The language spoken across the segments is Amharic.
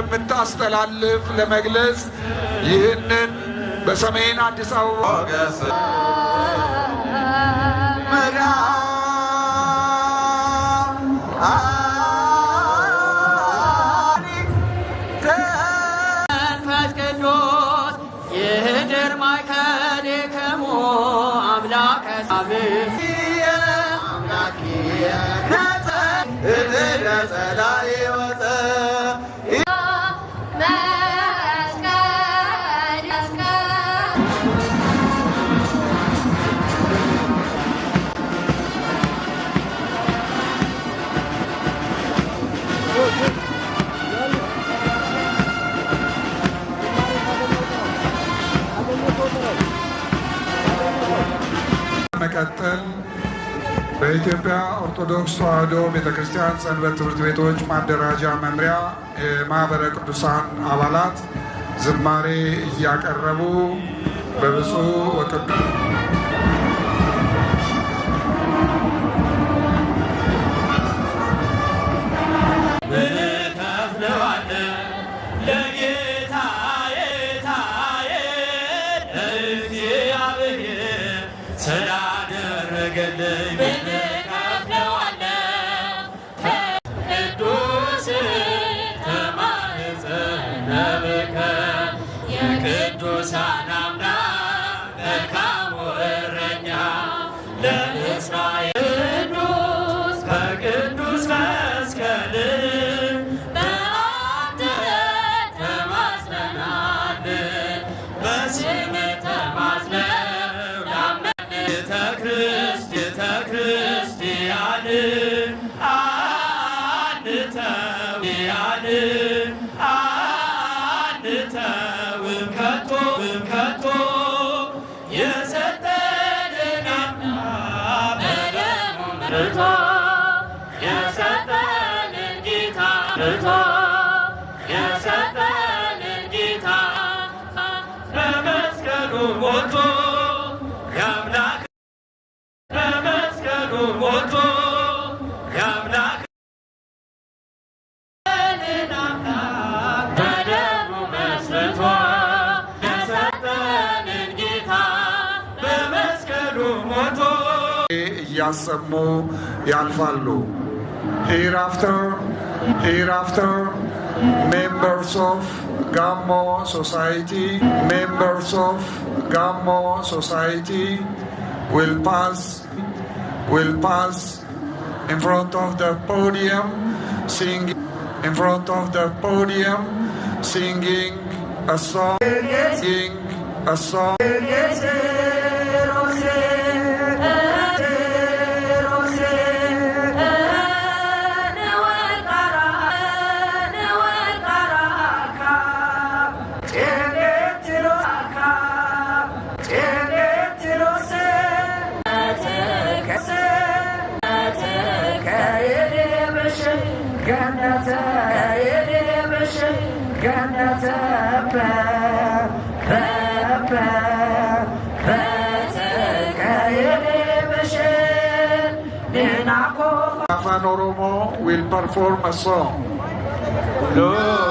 እንደምታስተላልፍ ለመግለጽ ይህንን በሰሜን አዲስ አበባ Yeah. ኦርቶዶክስ ተዋሕዶ ቤተክርስቲያን ሰንበት ትምህርት ቤቶች ማደራጃ መምሪያ የማህበረ ቅዱሳን አባላት ዝማሬ እያቀረቡ በብፁዕ ወቅዱስ Yeah. ያን አንተውያን የሰጠንን ጌታ በመስቀሉ ሞቶ Hereafter, hereafter, members of Gamma Society, members of Gamma Society will pass, will pass in front of the podium, singing in front of the podium, singing a song, singing a song. Afan Oromo will perform a song. No.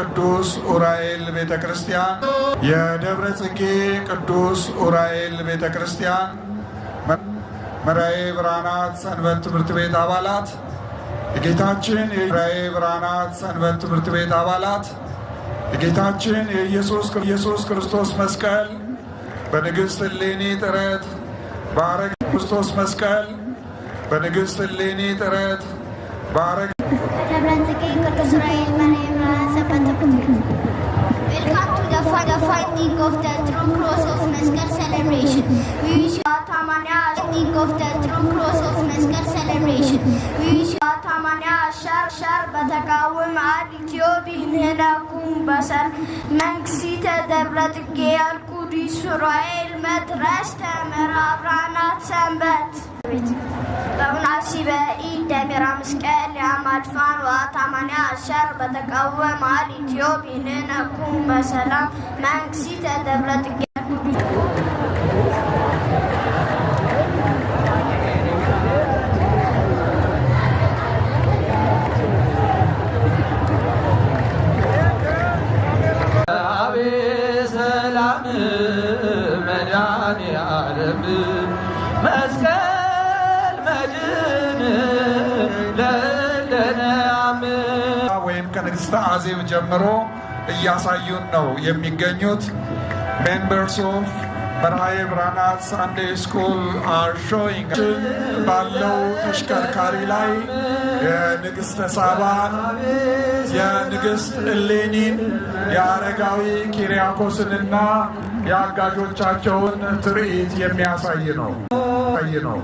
ቅዱስ ኡራኤል ቤተ ክርስቲያን የደብረ ጽጌ ቅዱስ ኡራኤል ቤተ ክርስቲያን መራዬ ብርሃናት ሰንበት ትምህርት ቤት አባላት የጌታችን የራዬ ብርሃናት ሰንበት ትምህርት ቤት አባላት የጌታችን የኢየሱስ ክርስቶስ መስቀል በንግሥት እሌኒ ጥረት በአረግ ክርስቶስ መስቀል በንግሥት እሌኒ ጥረት በአረግ Sara Brandsky, Katusrail, Welcome to the finding of the true cross of Mezcal celebration. We wish you a Tamana, of the true cross of Mezcal celebration. ثمانية عشر شهر بتقاوم عاد إثيوبي هناكم بسر منكسيتا دبرة الجيال كودي سرائيل مدرسة مراب رانات سنبت በውናሲ በኢድ ደሚራ መስቀል የአማድፋን ወታማንያ አሸር በተቃወ መሃል ኢትዮጵያን ነኩም በሰላም መንግስት ተደብረ ጥጌ ኪዳን መዳን መስቀል መድን ወይም ከንግሥተ አዜብ ጀምሮ እያሳዩን ነው የሚገኙት ሜምበርስ ኦፍ በራእየ ብርሃናት ሳንዴ ስኩል አሾይንግ ባለው ተሽከርካሪ ላይ የንግሥተ ሳባን የንግሥት እሌኒን የአረጋዊ ኪሪያኮስንና የአጋዦቻቸውን ትርኢት የሚያሳይ ነው ነው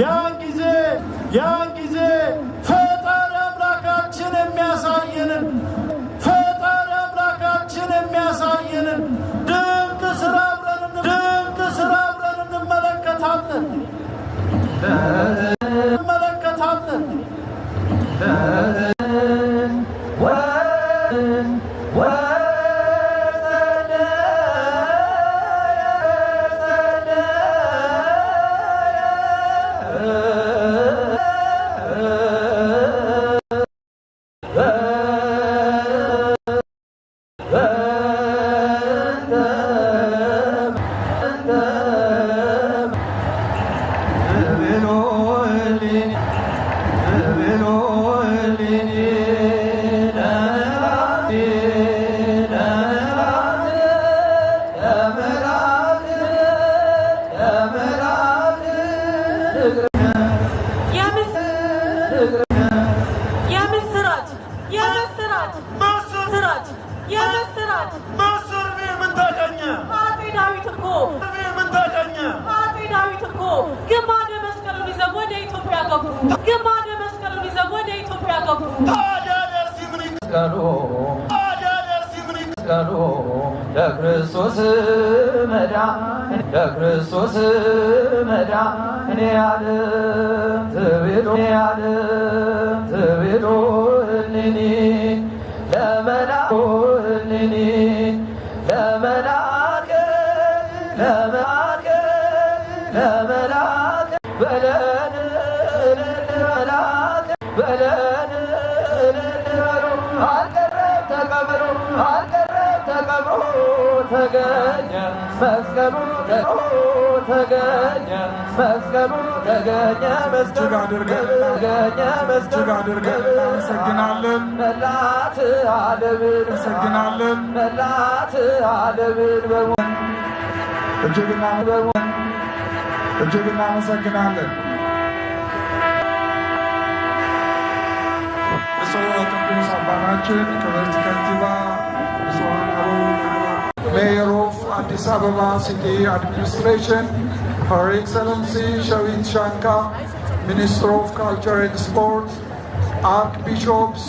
ያን ጊዜ ያን ጊዜ ፈጣሪ አምላካችን የሚያሳየንን ፈጣሪ አምላካችን የሚያሳየንን ድንቅ ስራ አብረን ድንቅ ስራ አብረን እንመለከታለን እንመለከታለን Bye. ገቡ። ግማደ መስቀሉን ይዘው ወደ ኢትዮጵያ ገቡ። ለክርስቶስ መዳን ለክርስቶስ መዳን እኔ ዓለም ትቤሎ እኔ ዓለም ለመላ እኔኒ ተገኘ መስቀሉ ተገኘ መስቀሉ ተገኘ መስቀሉ ተገኘ መስቀሉ አድርገን እናመሰግናለን። መላት ዓለምን እናመሰግናለን። መላት ዓለምን በሙ እጅግ በሙ እጅግ እናመሰግናለን። ቅዱስ አባታችን ክብርት ከንቲባ Mayor of Addis Ababa City Administration, Her Excellency Shavit Shankar, Minister of Culture and Sports, Archbishops,